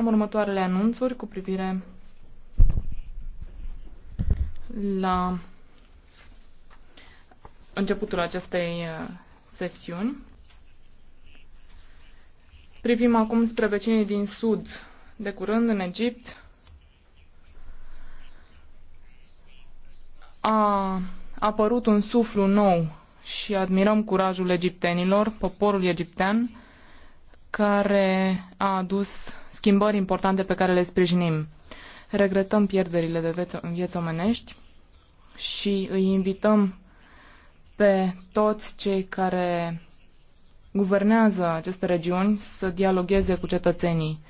Am următoarele anunțuri cu privire la începutul acestei uh, sesiuni. Privim acum spre vecinii din sud, de curând în Egipt. A apărut un suflu nou și admirăm curajul egiptenilor, poporul egiptean, care a adus schimbări importante pe care le sprijinim. Regretăm pierderile de vieți omenești și îi invităm pe toți cei care guvernează aceste regiuni să dialogueze cu cetățenii,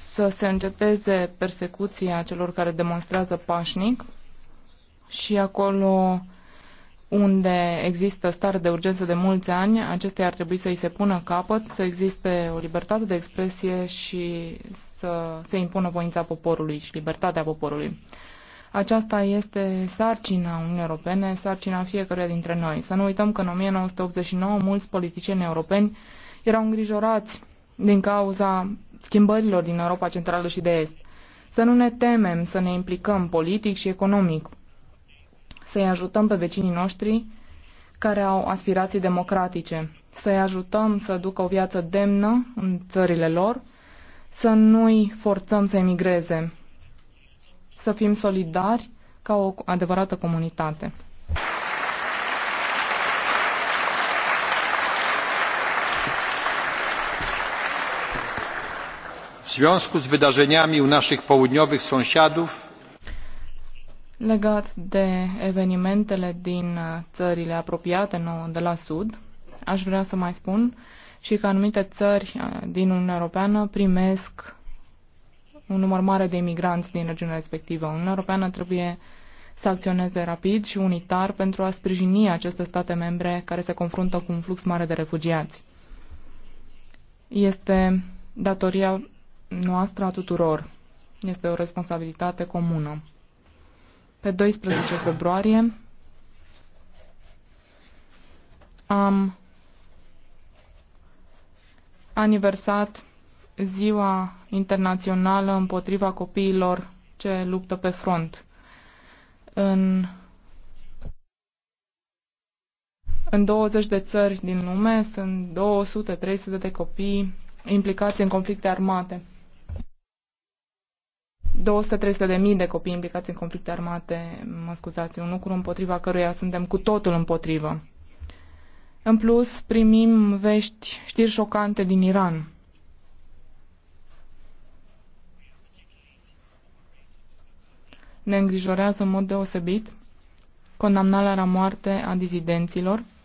să se înceteze persecuția celor care demonstrează pașnic și acolo unde există stare de urgență de mulți ani, acestea ar trebui să îi se pună capăt, să existe o libertate de expresie și să se impună voința poporului și libertatea poporului. Aceasta este sarcina Uniunii Europene, sarcina fiecăruia dintre noi. Să nu uităm că în 1989 mulți politicieni europeni erau îngrijorați din cauza schimbărilor din Europa Centrală și de Est. Să nu ne temem să ne implicăm politic și economic să-i ajutăm pe vecinii noștri care au aspirații democratice, să-i ajutăm să ducă o viață demnă în țările lor, să nu-i forțăm să emigreze, să fim solidari ca o adevărată comunitate. W związku z wydarzeniami u naszych południowych sąsiadów Legat de evenimentele din uh, țările apropiate nouă de la Sud, aș vrea să mai spun și că anumite țări uh, din Uniunea Europeană primesc un număr mare de imigranți din regiunea respectivă. Uniunea Europeană trebuie să acționeze rapid și unitar pentru a sprijini aceste state membre care se confruntă cu un flux mare de refugiați. Este datoria noastră a tuturor. Este o responsabilitate comună. Pe 12 februarie am aniversat Ziua Internațională împotriva copiilor ce luptă pe front. În, în 20 de țări din lume sunt 200-300 de copii implicați în conflicte armate. 200-300 de mii de copii implicați în conflicte armate, mă scuzați, un lucru împotriva căruia suntem cu totul împotrivă. În plus, primim vești, știri șocante din Iran. Ne îngrijorează în mod deosebit condamnarea la moarte a dizidenților,